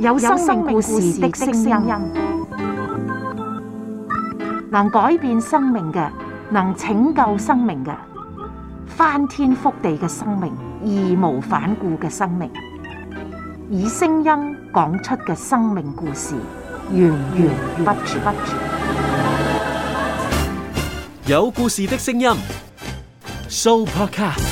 有生命故事的聲音，能改變生命嘅，能拯救生命嘅，翻天覆地嘅生命，義無反顧嘅生命，以聲音講出嘅生命故事，源源不絕。有故事的聲音，Supercar。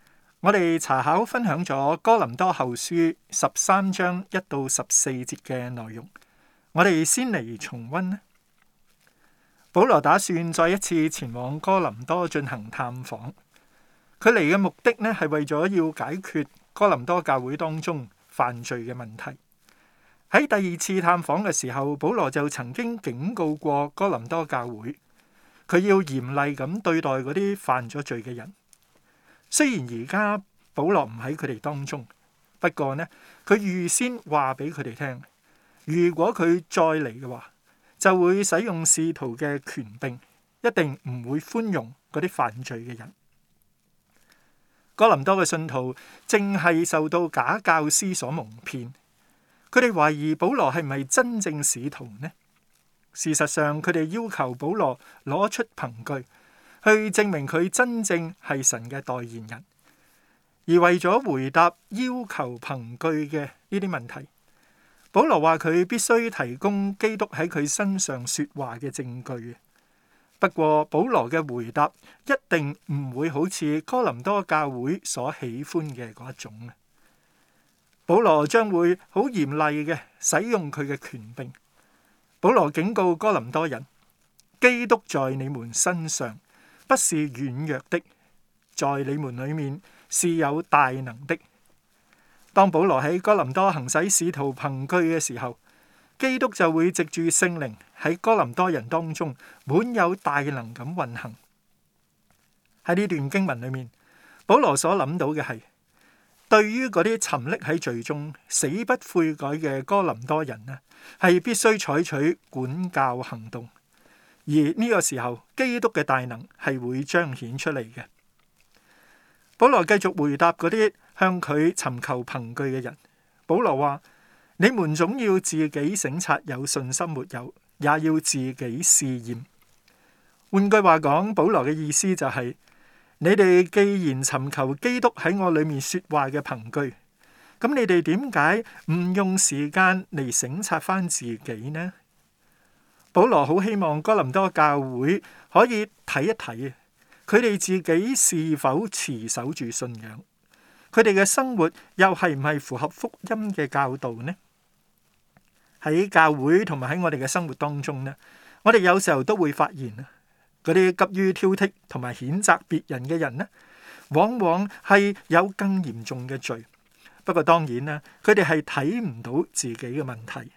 我哋查考分享咗哥林多後書十三章一到十四節嘅內容，我哋先嚟重溫呢，保羅打算再一次前往哥林多進行探訪，佢嚟嘅目的呢，係為咗要解決哥林多教會當中犯罪嘅問題。喺第二次探訪嘅時候，保羅就曾經警告過哥林多教會，佢要嚴厲咁對待嗰啲犯咗罪嘅人。雖然而家保羅唔喺佢哋當中，不過呢，佢預先話俾佢哋聽，如果佢再嚟嘅話，就會使用使徒嘅權柄，一定唔會寬容嗰啲犯罪嘅人。哥林多嘅信徒正係受到假教師所蒙騙，佢哋懷疑保羅係唔係真正使徒呢。事實上，佢哋要求保羅攞出憑據。去證明佢真正係神嘅代言人，而為咗回答要求憑據嘅呢啲問題，保羅話佢必須提供基督喺佢身上説話嘅證據。不過，保羅嘅回答一定唔會好似哥林多教會所喜歡嘅嗰一種。保羅將會好嚴厲嘅使用佢嘅權柄。保羅警告哥林多人：基督在你們身上，不是軟弱的，在你們裏面是有大能的。當保羅喺哥林多行使使徒憑據嘅時候，基督就會藉住聖靈喺哥林多人當中滿有大能咁運行。喺呢段經文裏面，保羅所諗到嘅係，對於嗰啲沉溺喺罪中、死不悔改嘅哥林多人呢，係必須採取管教行動。而呢個時候，基督嘅大能係會彰顯出嚟嘅。保羅繼續回答嗰啲向佢尋求憑據嘅人。保羅話：你們總要自己省察有信心沒有，也要自己試驗。換句話講，保羅嘅意思就係、是：你哋既然尋求基督喺我裏面說話嘅憑據，咁你哋點解唔用時間嚟省察返自己呢？保羅好希望哥林多教會可以睇一睇，佢哋自己是否持守住信仰，佢哋嘅生活又係唔係符合福音嘅教導呢？喺教會同埋喺我哋嘅生活當中呢，我哋有時候都會發現啊，嗰啲急於挑剔同埋譴責別人嘅人呢，往往係有更嚴重嘅罪。不過當然啦，佢哋係睇唔到自己嘅問題。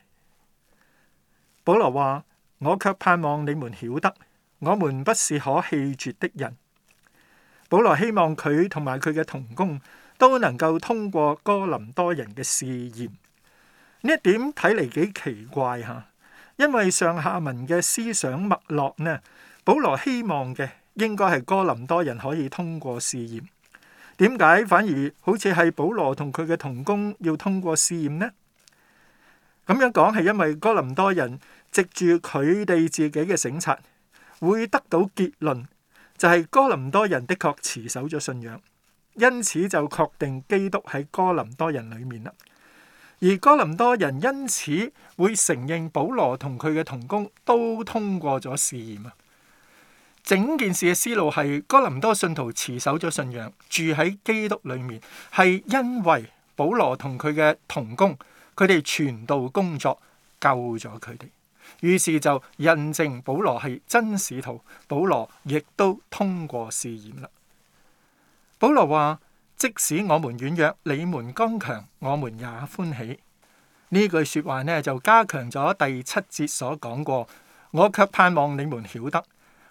保羅話。我卻盼望你們曉得，我們不是可棄絕的人。保羅希望佢同埋佢嘅同工都能夠通過哥林多人嘅試驗。呢一點睇嚟幾奇怪吓，因為上下文嘅思想脈絡呢，保羅希望嘅應該係哥林多人可以通過試驗。點解反而好似係保羅同佢嘅同工要通過試驗呢？咁樣講係因為哥林多人，藉住佢哋自己嘅省察，會得到結論，就係、是、哥林多人的確持守咗信仰，因此就確定基督喺哥林多人裏面啦。而哥林多人因此會承認保羅同佢嘅同工都通過咗試驗啊。整件事嘅思路係哥林多信徒持守咗信仰，住喺基督裏面，係因為保羅同佢嘅同工，佢哋傳道工作救咗佢哋。於是就印證保羅係真使徒，保羅亦都通過試驗啦。保羅話：即使我們軟弱，你們剛強，我們也歡喜。呢句説話呢，就加強咗第七節所講過。我卻盼望你們曉得，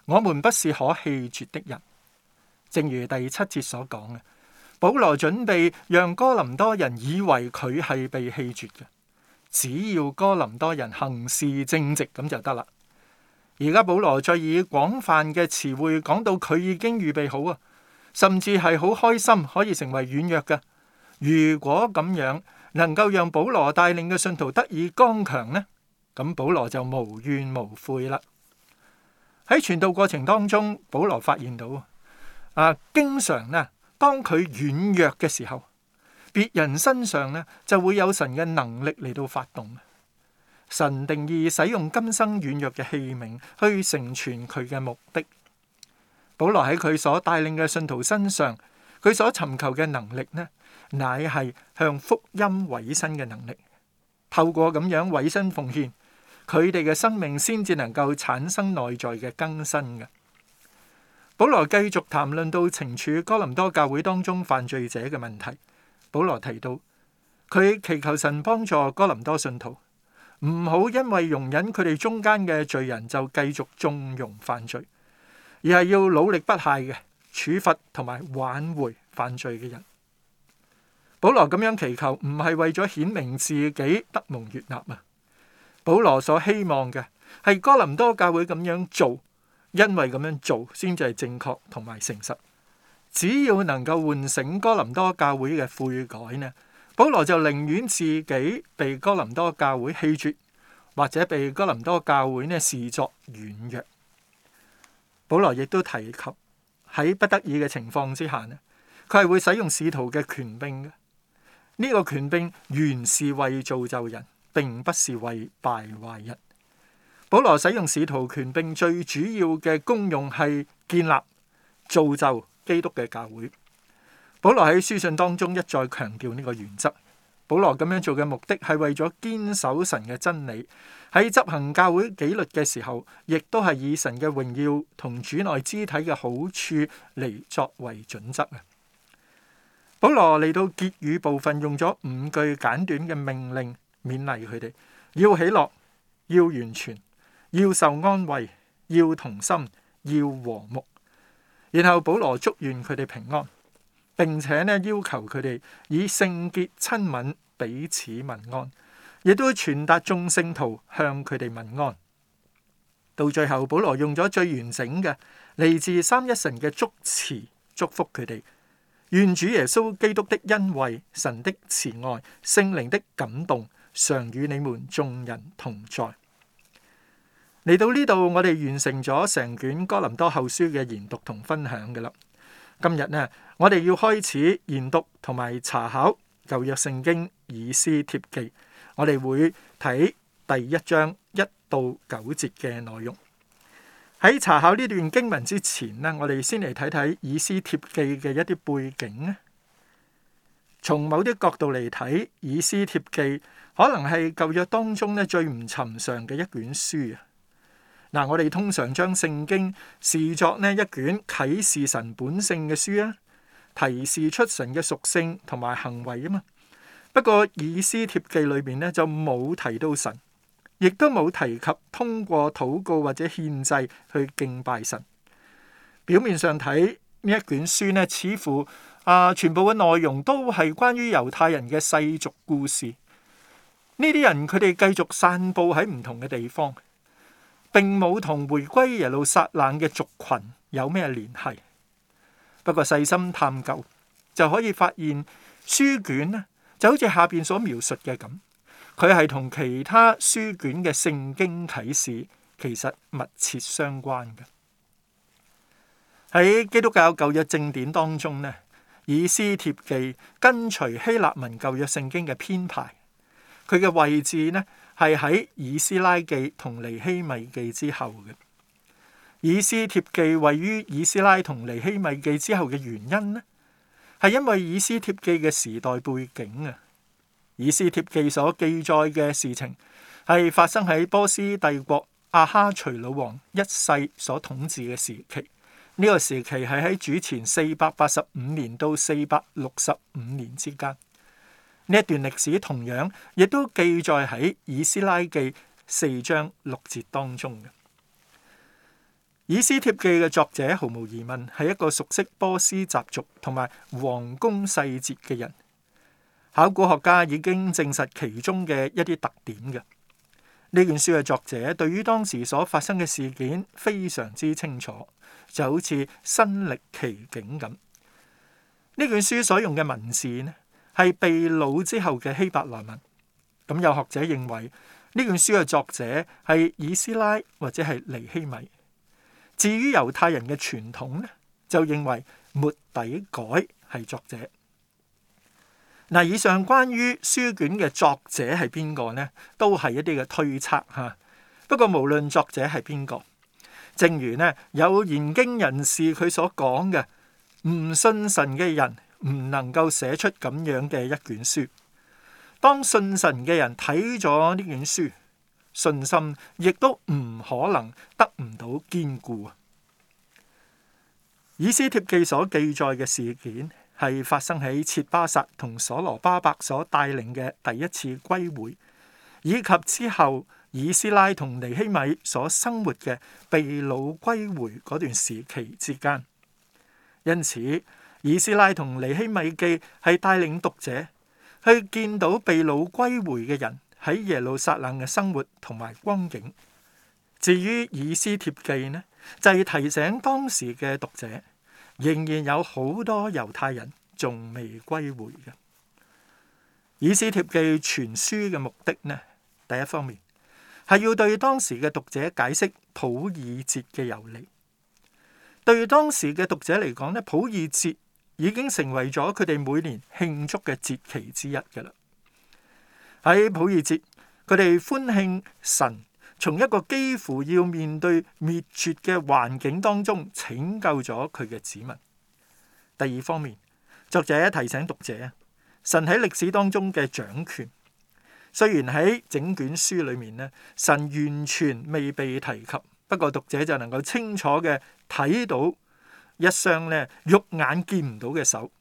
我們不是可棄絕的人。正如第七節所講嘅，保羅準備讓哥林多人以為佢係被棄絕嘅。只要哥林多人行事正直咁就得啦。而家保羅再以廣泛嘅詞彙講到佢已經預備好啊，甚至係好開心可以成為軟弱嘅。如果咁樣能夠讓保羅帶領嘅信徒得以剛強呢？咁保羅就無怨無悔啦。喺傳道過程當中，保羅發現到啊，經常啊，當佢軟弱嘅時候。別人身上咧就會有神嘅能力嚟到發動。神定意使用今生軟弱嘅器皿去成全佢嘅目的。保羅喺佢所帶領嘅信徒身上，佢所尋求嘅能力呢，乃係向福音委身嘅能力。透過咁樣委身奉獻，佢哋嘅生命先至能夠產生內在嘅更新嘅。保羅繼續談論到懲處哥林多教會當中犯罪者嘅問題。保羅提到，佢祈求神幫助哥林多信徒，唔好因為容忍佢哋中間嘅罪人就繼續縱容犯罪，而係要努力不懈嘅處罰同埋挽回犯罪嘅人。保羅咁樣祈求，唔係為咗顯明自己得蒙悅納啊！保羅所希望嘅係哥林多教會咁樣做，因為咁樣做先至係正確同埋誠實。只要能夠喚醒哥林多教會嘅悔改呢，保羅就寧願自己被哥林多教會棄絕，或者被哥林多教會呢視作軟弱。保羅亦都提及喺不得已嘅情況之下呢，佢係會使用使徒嘅權柄。嘅、這、呢個權柄原是為造就人，並不是為敗壞人。保羅使用使徒權柄最主要嘅功用係建立造就，基督嘅教會，保羅喺書信當中一再強調呢個原則。保羅咁樣做嘅目的係為咗堅守神嘅真理，喺執行教會紀律嘅時候，亦都係以神嘅榮耀同主內肢體嘅好處嚟作為準則啊！保羅嚟到結語部分，用咗五句簡短嘅命令勉勵佢哋：要喜樂，要完全，要受安慰，要同心，要和睦。然後保羅祝願佢哋平安，並且呢，要求佢哋以聖潔親吻彼此問安，亦都傳達眾聖徒向佢哋問安。到最後，保羅用咗最完整嘅嚟自三一神嘅祝詞祝福佢哋，願主耶穌基督的恩惠、神的慈愛、聖靈的感動，常與你們眾人同在。嚟到呢度，我哋完成咗成卷《哥林多後書》嘅研讀同分享嘅啦。今日呢，我哋要開始研讀同埋查考舊約聖經《以斯帖記》，我哋會睇第一章一到九節嘅內容。喺查考呢段經文之前呢，我哋先嚟睇睇《以斯帖記》嘅一啲背景咧。從某啲角度嚟睇，《以斯帖記》可能係舊約當中咧最唔尋常嘅一卷書啊。嗱，我哋通常將聖經視作呢一卷啟示神本性嘅書啊，提示出神嘅屬性同埋行為啊嘛。不過《以斯帖記》裏邊呢就冇提到神，亦都冇提及通過禱告或者獻祭去敬拜神。表面上睇呢一卷書呢，似乎啊全部嘅內容都係關於猶太人嘅世俗故事。呢啲人佢哋繼續散佈喺唔同嘅地方。並冇同回歸耶路撒冷嘅族群有咩聯繫。不過細心探究就可以發現，書卷咧就好似下邊所描述嘅咁，佢係同其他書卷嘅聖經啟示其實密切相關嘅。喺基督教舊約正典當中呢，《以斯帖記》跟隨希臘文舊約聖經嘅編排，佢嘅位置咧，係喺以斯拉記同尼希米記之後嘅。以斯帖記位於以斯拉同尼希米記之後嘅原因呢？係因為以斯帖記嘅時代背景啊。以斯帖記所記載嘅事情係發生喺波斯帝國阿哈隨魯王一世所統治嘅時期。呢、呢個時期係喺主前四百八十五年到四百六十五年之間。呢一段歷史同樣亦都記載喺《以斯拉記》四章六節當中嘅。《以斯帖記》嘅作者毫無疑問係一個熟悉波斯習俗同埋王宮細節嘅人。考古學家已經證實其中嘅一啲特點嘅。呢卷書嘅作者對於當時所發生嘅事件非常之清楚，就好似身歷其境咁。呢卷書所用嘅文字呢？係被擄之後嘅希伯來文，咁有學者認為呢本書嘅作者係以斯拉或者係尼希米。至於猶太人嘅傳統呢，就認為末底改係作者。嗱，以上關於書卷嘅作者係邊個呢？都係一啲嘅推測吓。不過無論作者係邊個，正如呢有研經人士佢所講嘅，唔信神嘅人。唔能夠寫出咁樣嘅一卷書。當信神嘅人睇咗呢卷書，信心亦都唔可能得唔到堅固。以斯帖記所記載嘅事件係發生喺切巴薩同所羅巴伯所帶領嘅第一次歸回，以及之後以斯拉同尼希米所生活嘅被擄歸回嗰段時期之間。因此。以斯拉同尼希米記係帶領讀者去見到被擄歸，歸回嘅人喺耶路撒冷嘅生活同埋光景。至於以斯帖記呢，就係提醒當時嘅讀者，仍然有好多猶太人仲未歸回嘅。以斯帖記全書嘅目的呢，第一方面係要對當時嘅讀者解釋普爾節嘅由嚟。對當時嘅讀者嚟講呢，普爾節已經成為咗佢哋每年慶祝嘅節期之一嘅啦。喺普爾節，佢哋歡慶神從一個幾乎要面對滅絕嘅環境當中拯救咗佢嘅子民。第二方面，作者提醒讀者，神喺歷史當中嘅掌權，雖然喺整卷書裏面咧，神完全未被提及，不過讀者就能夠清楚嘅睇到。一雙咧肉眼見唔到嘅手，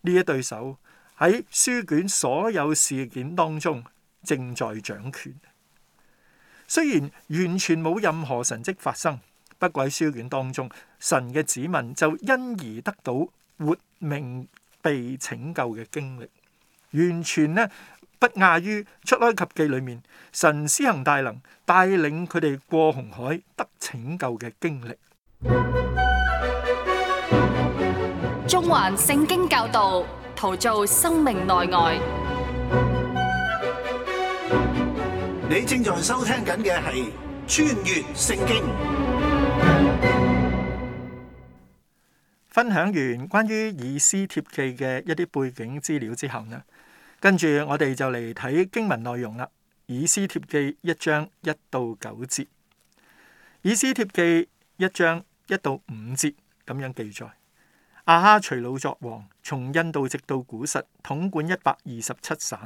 呢一對手喺書卷所有事件當中正在掌權。雖然完全冇任何神蹟發生，不過喺書卷當中神嘅子民就因而得到活命、被拯救嘅經歷，完全呢，不亞於出埃及記裏面神施行大能帶領佢哋過紅海得拯救嘅經歷。中環聖經教導，陶造生命內外。你正在收聽緊嘅係《穿越聖經》。分享完關於以斯帖記嘅一啲背景資料之後呢，跟住我哋就嚟睇經文內容啦。以斯帖記一章一到九節，以斯帖記一章一到五節咁樣記載。亞哈隨魯作王，從印度直到古實，統管一百二十七省。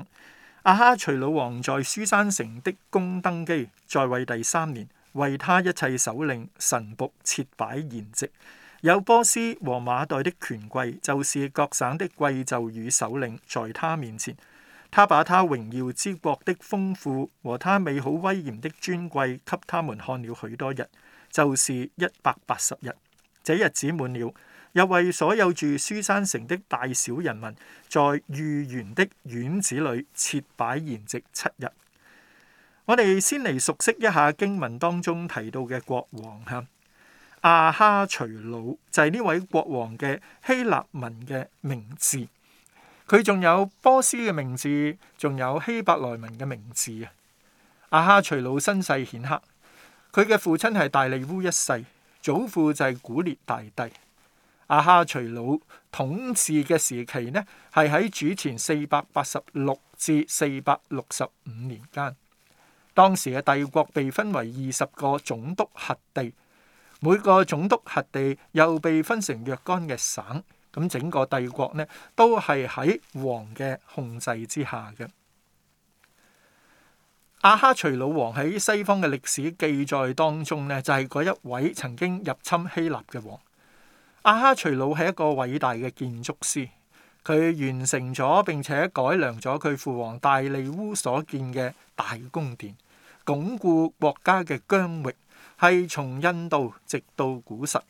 亞哈隨魯王在書珊城的宮登基，在位第三年，為他一切首領、臣僕設擺筵席，有波斯和瑪代的權貴，就是各省的貴冑與首領，在他面前，他把他榮耀之國的豐富和他美好威嚴的尊貴給他們看了許多日，就是一百八十日。這日子滿了。又為所有住書珊城的大小人民，在御園的院子裏設擺筵席七日。我哋先嚟熟悉一下經文當中提到嘅國王吓，亞哈隨魯就係呢位國王嘅希臘文嘅名字，佢仲有波斯嘅名字，仲有希伯來文嘅名字啊。亞哈隨魯身世顯赫，佢嘅父親係大利烏一世，祖父就係古列大帝。阿哈隨魯統治嘅時期呢，係喺主前四百八十六至四百六十五年間。當時嘅帝國被分為二十個總督轄地，每個總督轄地又被分成若干嘅省。咁整個帝國呢，都係喺王嘅控制之下嘅。阿哈隨魯王喺西方嘅歷史記載當中呢，就係、是、嗰一位曾經入侵希臘嘅王。亞哈隨魯係一個偉大嘅建築師，佢完成咗並且改良咗佢父王大利烏所建嘅大宮殿，鞏固國家嘅疆域，係從印度直到古實。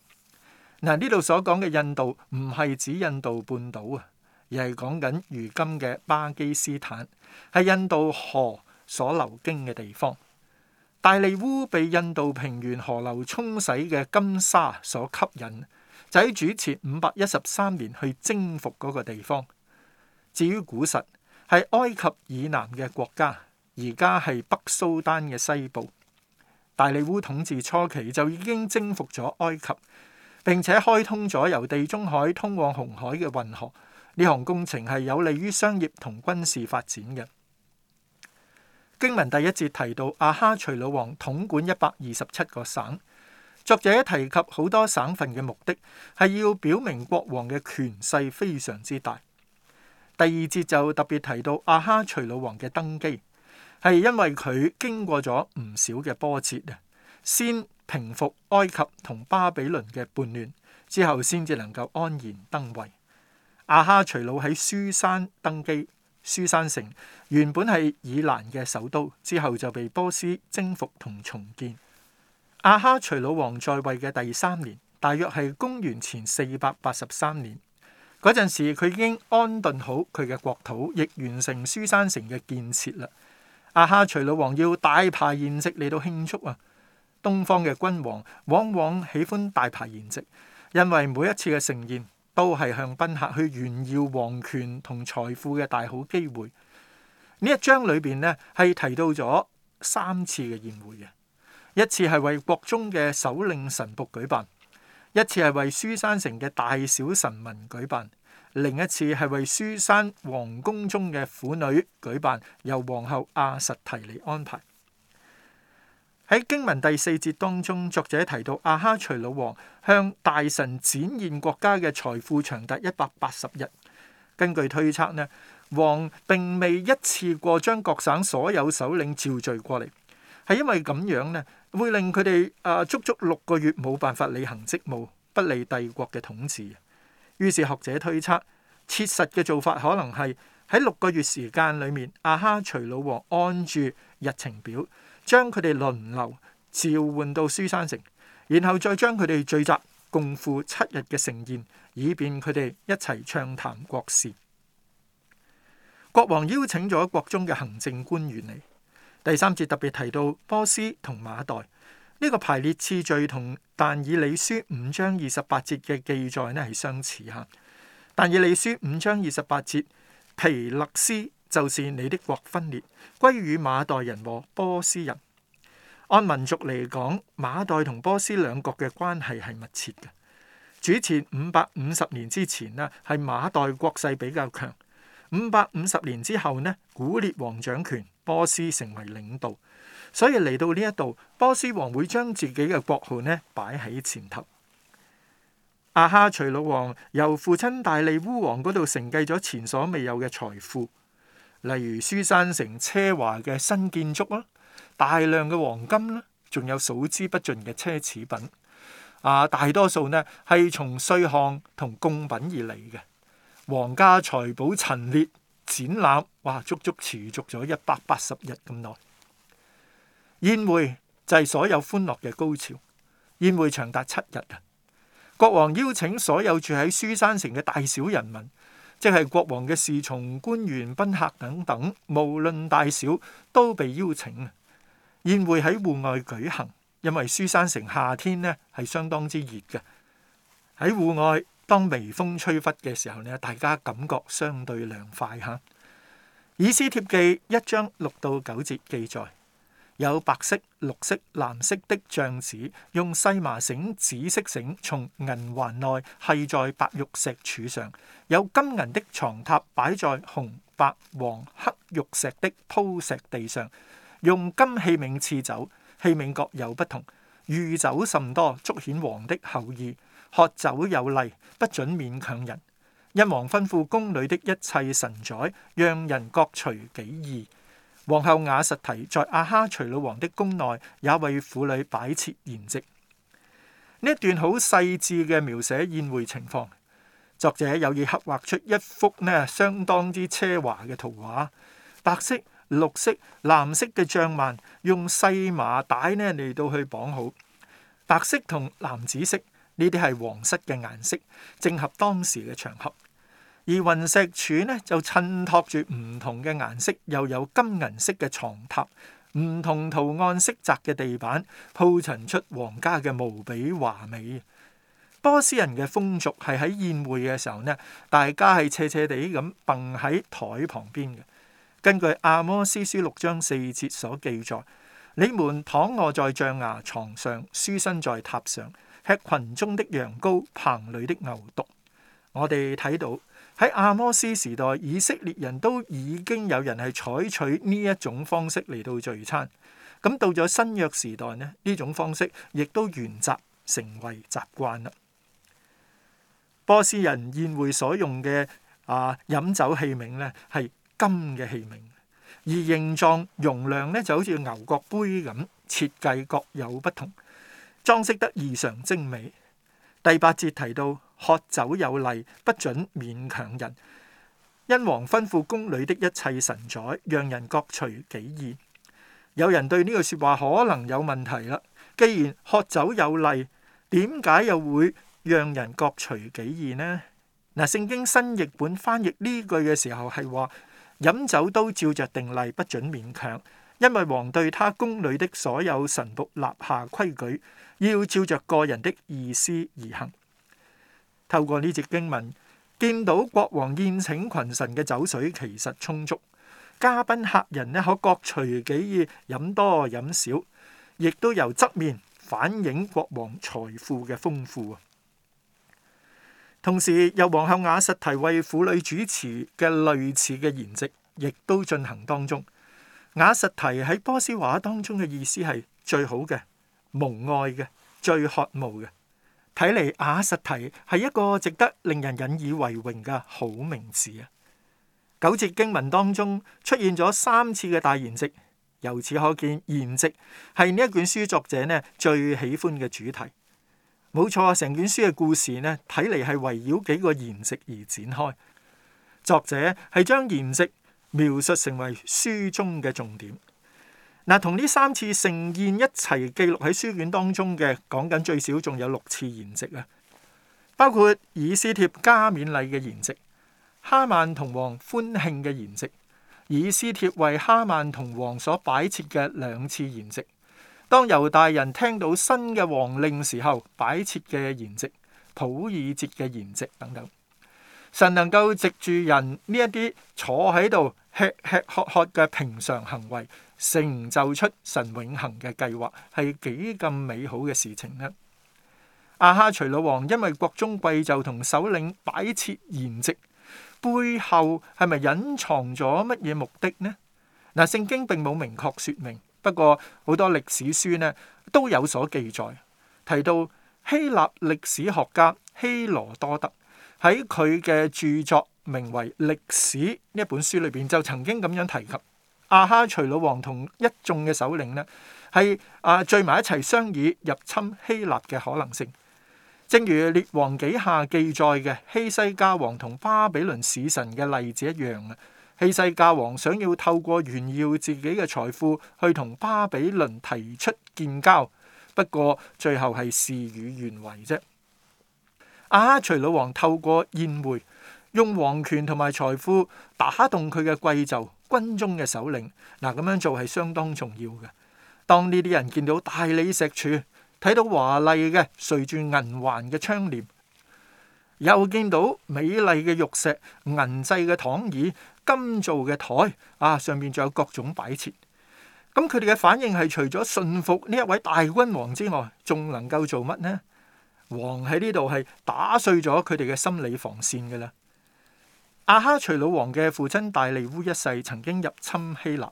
嗱，呢度所講嘅印度唔係指印度半島啊，而係講緊如今嘅巴基斯坦，係印度河所流經嘅地方。大利烏被印度平原河流沖洗嘅金沙所吸引。仔主持五百一十三年去征服嗰個地方。至於古實，係埃及以南嘅國家，而家係北蘇丹嘅西部。大利烏統治初期就已經征服咗埃及，並且開通咗由地中海通往紅海嘅運河。呢項工程係有利於商業同軍事發展嘅。經文第一節提到亞哈隨魯王統管一百二十七個省。作者提及好多省份嘅目的，係要表明國王嘅權勢非常之大。第二節就特別提到亞哈隨魯王嘅登基，係因為佢經過咗唔少嘅波折啊，先平復埃及同巴比倫嘅叛亂，之後先至能夠安然登位。亞哈隨魯喺書珊登基，書珊城原本係以攔嘅首都，之後就被波斯征服同重建。阿哈除老王在位嘅第三年，大約係公元前四百八十三年嗰陣時，佢已經安頓好佢嘅國土，亦完成書珊城嘅建設啦。阿哈除老王要大排筵席嚟到慶祝啊！東方嘅君王往往喜歡大排筵席，因為每一次嘅盛宴都係向賓客去炫耀皇權同財富嘅大好機會。呢一章裏邊呢，係提到咗三次嘅宴會嘅。一次係為國中嘅首領臣僕舉辦，一次係為書珊城嘅大小臣民舉辦，另一次係為書珊王宮中嘅婦女舉辦，由皇后亞實提尼安排。喺經文第四節當中，作者提到亞哈隨魯王向大臣展現國家嘅財富，長達一百八十日。根據推測呢，王並未一次過將各省所有首領召聚過嚟。係因為咁樣呢，會令佢哋啊，足足六個月冇辦法履行職務，不利帝國嘅統治。於是學者推測，切實嘅做法可能係喺六個月時間裏面，亞哈隨魯王按住日程表，將佢哋輪流召喚到書珊城，然後再將佢哋聚集共赴七日嘅盛宴，以便佢哋一齊暢談國事。國王邀請咗國中嘅行政官員嚟。第三節特別提到波斯同馬代呢，這個排列次序同但以理書五章二十八節嘅記載咧係相似嚇。但以理書五章二十八節，皮勒斯就是你的國分裂歸於馬代人和波斯人。按民族嚟講，馬代同波斯兩國嘅關係係密切嘅。主前五百五十年之前咧，係馬代國勢比較強。五百五十年之後呢，古列王掌權，波斯成為領導。所以嚟到呢一度，波斯王會將自己嘅國號呢擺喺前頭。阿哈隨魯王由父親大利烏王嗰度承繼咗前所未有嘅財富，例如書珊城奢華嘅新建築啦，大量嘅黃金啦，仲有數之不盡嘅奢侈品。啊，大多數呢係從稅項同貢品而嚟嘅。皇家財寶陳列展覽，哇，足足持續咗一百八十日咁耐。宴會就係所有歡樂嘅高潮，宴會長達七日啊！國王邀請所有住喺書山城嘅大小人民，即係國王嘅侍從、官員、賓客等等，無論大小都被邀請。宴會喺戶外舉行，因為書山城夏天呢係相當之熱嘅，喺戶外。當微風吹拂嘅時候咧，大家感覺相對涼快嚇。以斯帖記一章六到九節記載，有白色、綠色、藍色的帳子，用細麻繩、紫色繩從銀環內繫在白玉石柱上，有金銀的床榻擺在紅、白、黃、黑玉石的鋪石地上，用金器皿賜酒，器皿各有不同，御酒甚多，足顯王的厚意。喝酒有例，不准勉強人。因王吩咐宮裏的一切臣宰，讓人各隨己意。皇后雅實提在亞哈隨魯王的宮內，也為婦女擺設筵席。呢一段好細緻嘅描寫宴會情況，作者有意刻畫出一幅呢相當之奢華嘅圖畫。白色、綠色、藍色嘅帳幔，用細麻帶呢嚟到去綁好，白色同藍紫色。呢啲係皇室嘅顏色，正合當時嘅場合。而雲石柱呢，就襯托住唔同嘅顏色，又有金銀色嘅床榻、唔同圖案色澤嘅地板，鋪陳出皇家嘅無比華美。波斯人嘅風俗係喺宴會嘅時候呢，大家係斜斜地咁瞓喺台旁邊嘅。根據阿摩司書六章四節所記載，你們躺卧在象牙床上，舒身在榻上。吃群中的羊羔，棚裏的牛犢。我哋睇到喺阿摩斯時代，以色列人都已經有人係採取呢一種方式嚟到聚餐。咁到咗新約時代呢，呢種方式亦都沿襲成為習慣啦。波斯人宴會所用嘅啊飲酒器皿呢係金嘅器皿，而形狀容量呢就好似牛角杯咁，設計各有不同。裝飾得異常精美。第八節提到喝酒有例，不准勉強人。因王吩咐宮裏的一切臣宰，讓人各隨己意。有人對呢句説話可能有問題啦。既然喝酒有例，點解又會讓人各隨己意呢？嗱，聖經新譯本翻譯呢句嘅時候係話，飲酒都照着定例，不准勉強。因為王對他宮裏的所有神僕立下規矩，要照着個人的意思而行。透過呢節經文，見到國王宴請群臣嘅酒水其實充足，嘉賓客人呢，可各隨己意飲多飲少，亦都由側面反映國王財富嘅豐富。同時，由皇后雅實提為婦女主持嘅類似嘅筵席，亦都進行當中。雅實提喺波斯話當中嘅意思係最好嘅、蒙愛嘅、最渴慕嘅，睇嚟雅實提係一個值得令人引以為榮嘅好名字啊！九節經文當中出現咗三次嘅大筵席，由此可見筵席係呢一卷書作者呢最喜歡嘅主題。冇錯啊，成卷書嘅故事呢，睇嚟係圍繞幾個筵席而展開。作者係將筵席。描述成為書中嘅重點。嗱，同呢三次盛宴一齊記錄喺書卷當中嘅，講緊最少仲有六次筵席啊，包括以斯帖加冕禮嘅筵席、哈曼同王歡慶嘅筵席、以斯帖為哈曼同王所擺設嘅兩次筵席、當猶大人聽到新嘅王令時候擺設嘅筵席、普爾節嘅筵席等等。神能夠藉住人呢一啲坐喺度吃吃喝喝嘅平常行為，成就出神永恆嘅計劃，係幾咁美好嘅事情呢？亞哈隨魯王因為國中貴就同首領擺設筵席，背後係咪隱藏咗乜嘢目的呢？嗱，聖經並冇明確説明，不過好多歷史書呢都有所記載，提到希臘歷史學家希羅多德。喺佢嘅著作名為《歷史》呢本書裏邊，就曾經咁樣提及亞哈隨魯王同一眾嘅首領呢，係啊，聚埋一齊商議入侵希臘嘅可能性。正如列王紀下記載嘅希西家王同巴比倫使臣嘅例子一樣啊，希西家王想要透過炫耀自己嘅財富去同巴比倫提出建交，不過最後係事與願違啫。阿、啊、徐老王透過宴會，用皇權同埋財富打動佢嘅貴胄、軍中嘅首領。嗱、啊，咁樣做係相當重要嘅。當呢啲人見到大理石柱，睇到華麗嘅垂住銀環嘅窗簾，又見到美麗嘅玉石、銀製嘅躺椅、金造嘅台，啊，上面仲有各種擺設。咁佢哋嘅反應係除咗信服呢一位大君王之外，仲能夠做乜呢？王喺呢度係打碎咗佢哋嘅心理防線嘅啦。亞哈隨魯王嘅父親大利烏一世曾經入侵希臘，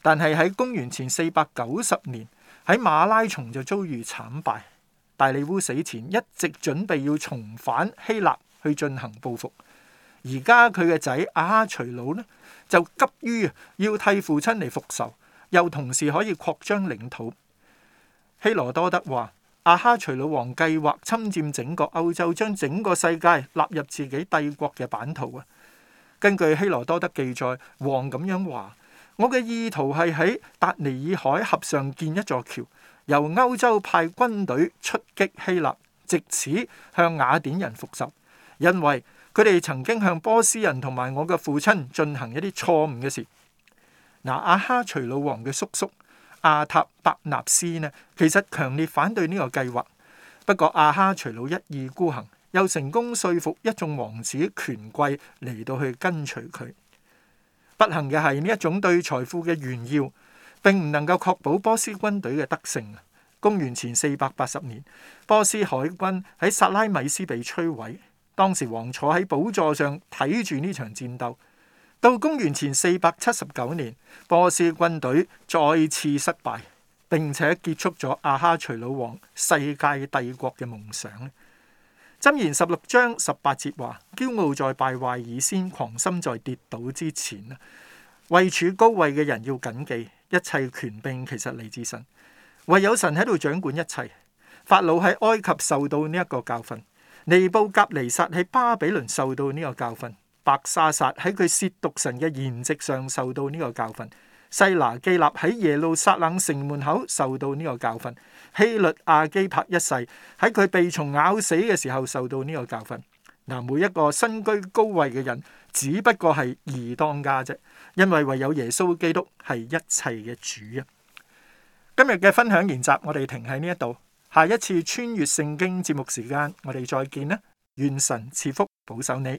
但係喺公元前四百九十年喺馬拉松就遭遇慘敗。大利烏死前一直準備要重返希臘去進行報復。而家佢嘅仔亞哈隨魯呢就急於要替父親嚟復仇，又同時可以擴張領土。希羅多德話。阿哈徐老王計劃侵佔整個歐洲，將整個世界納入自己帝國嘅版圖啊！根據希羅多德記載，王咁樣話：我嘅意圖係喺達尼爾海峽上建一座橋，由歐洲派軍隊出擊希臘，藉此向雅典人復仇，因為佢哋曾經向波斯人同埋我嘅父親進行一啲錯誤嘅事。嗱、呃，阿哈徐老王嘅叔叔。阿塔伯、伯納斯呢，其實強烈反對呢個計劃。不過阿哈隨老一意孤行，又成功說服一眾王子、權貴嚟到去跟隨佢。不幸嘅係呢一種對財富嘅炫耀並唔能夠確保波斯軍隊嘅得勝。公元前四百八十年，波斯海軍喺薩拉米斯被摧毀。當時王坐喺寶座上睇住呢場戰鬥。到公元前四百七十九年，波斯軍隊再次失敗，並且結束咗亞哈隨魯王世界帝國嘅夢想。箴言十六章十八節話：驕傲在敗壞以先，狂心在跌倒之前啊！位處高位嘅人要謹記，一切權柄其實嚟自神，唯有神喺度掌管一切。法老喺埃及受到呢一個教訓，尼布甲尼撒喺巴比倫受到呢個教訓。白沙撒喺佢褻瀆神嘅筵席上受到呢個教訓，西拿基立喺耶路撒冷城門口受到呢個教訓，希律亞基帕一世喺佢被蟲咬死嘅時候受到呢個教訓。嗱，每一個身居高位嘅人只不過係二當家啫，因為唯有耶穌基督係一切嘅主啊！今日嘅分享研習，我哋停喺呢一度，下一次穿越聖經節目時間，我哋再見啦！願神賜福保守你。